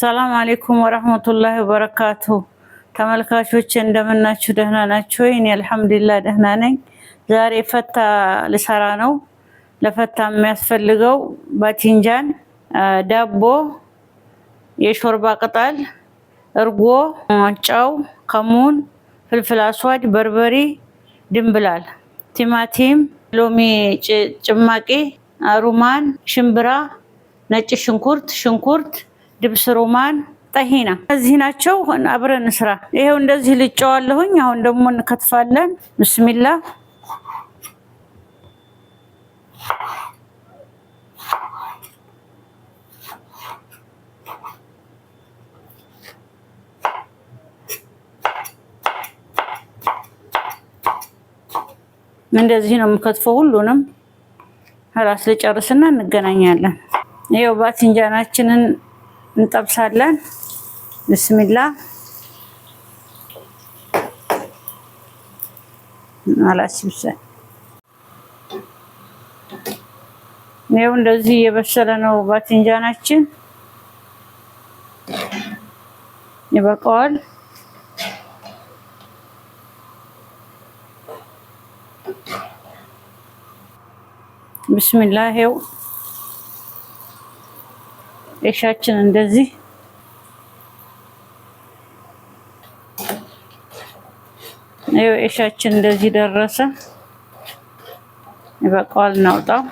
ሰላም አሌይኩም ወረህመቱላሂ ወበረካቱ። ተመልካቾች እንደምናችሁ ደህና ናችሁ ወይ? እኔ አልሐምዱሊላህ ደህና ነኝ። ዛሬ ፈታ ልሰራ ነው። ለፈታ የሚያስፈልገው ባቲንጃን፣ ዳቦ፣ የሾርባ ቅጠል፣ እርጎ፣ ጨው፣ ከሙን፣ ፍልፍል አስዋድ፣ በርበሪ፣ ድንብላል፣ ቲማቲም፣ ሎሚ ጭማቂ፣ ሩማን፣ ሽምብራ፣ ነጭ ሽንኩርት ሽንኩርት ድብስ ሮማን፣ ጠሂና እነዚህ ናቸው። አብረን ስራ ይሄው እንደዚህ ልጨዋለሁኝ። አሁን ደግሞ እንከትፋለን። ብስሚላ እንደዚህ ነው የምከትፈው። ሁሉንም ራስ ልጨርስና እንገናኛለን። ይኸው ባቲንጃናችንን እንጠብሳለን። ብስሚላ አላሲብሰ ይኸው እንደዚህ የበሰለ ነው ባቲንጃናችን ይበቃዋል። ብስሚላ ይኸው ሬሻችን እንደዚህ ይኸው ሬሻችን እንደዚህ ደረሰ። ይበቃዋል፣ እናውጣው።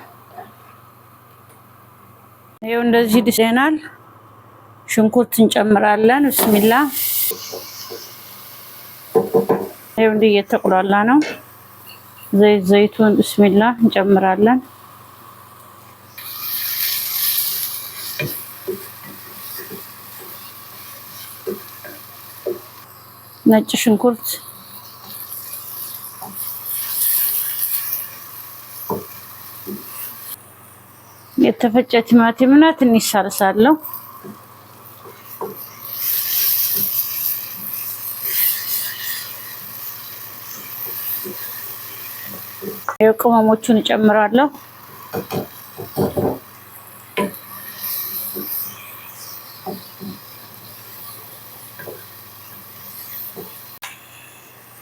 ይኸው እንደዚህ ድሴናል። ሽንኩርት እንጨምራለን። ብስሚላ ይኸው እንዲህ እየተቁላላ ነው። ዘይት ዘይቱን ብስሚላ እንጨምራለን። ነጭ ሽንኩርት የተፈጨ እና ትንሽ ሳልሳ አለው። የቅመሞቹን እጨምራለሁ።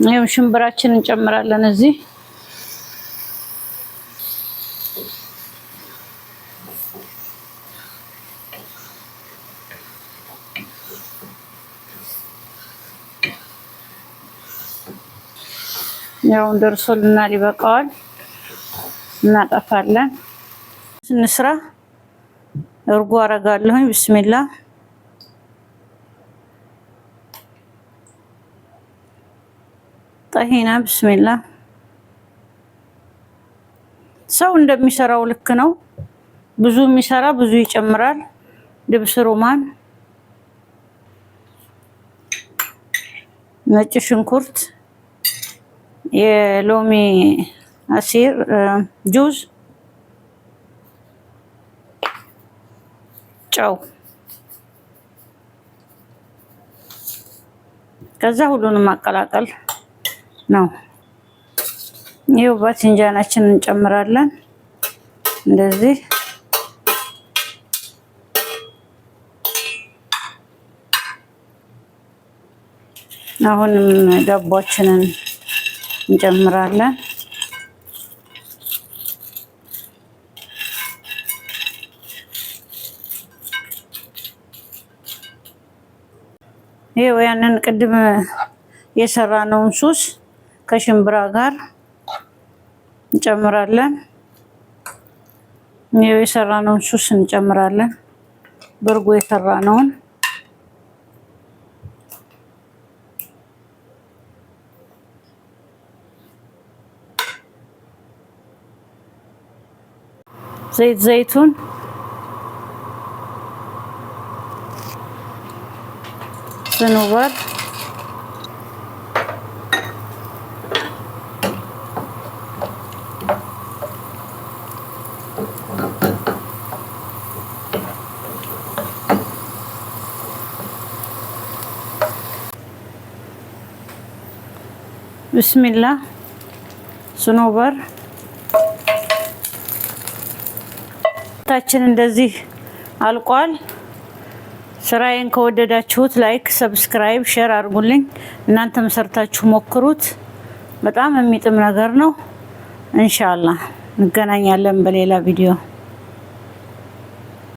ይሄው ሽምብራችን እንጨምራለን እዚህ ያው ደርሶልናል፣ ይበቃዋል። እናጠፋለን። ስንስራ እርጎ አረጋለሁኝ። ብስሚላ ጠሂና ብስሚላ ሰው እንደሚሰራው ልክ ነው። ብዙ የሚሰራ ብዙ ይጨምራል። ድብስ ሩማን፣ ነጭ ሽንኩርት፣ የሎሚ አሲር ጁዝ፣ ጨው ከዛ ሁሉንም ማቀላቀል ነው። ይኸው ባትንጃናችን እንጨምራለን እንደዚህ አሁንም ዳቧችንን እንጨምራለን። ይሄው ያንን ቅድም የሰራነውን ሱስ ከሽምብራ ጋር እንጨምራለን። ይኸው የሰራነውን ሱስ እንጨምራለን። በርጎ የሰራነውን ዘይት ዘይቱን ስኑባር ብስሚላ ስኖበር ታችን እንደዚህ አልቋል። ስራዬን ከወደዳችሁት ላይክ፣ ሰብስክራይብ፣ ሼር አድርጉልኝ። እናንተም ሰርታችሁ ሞክሩት። በጣም የሚጥም ነገር ነው። እንሻላ እንገናኛለን በሌላ ቪዲዮ።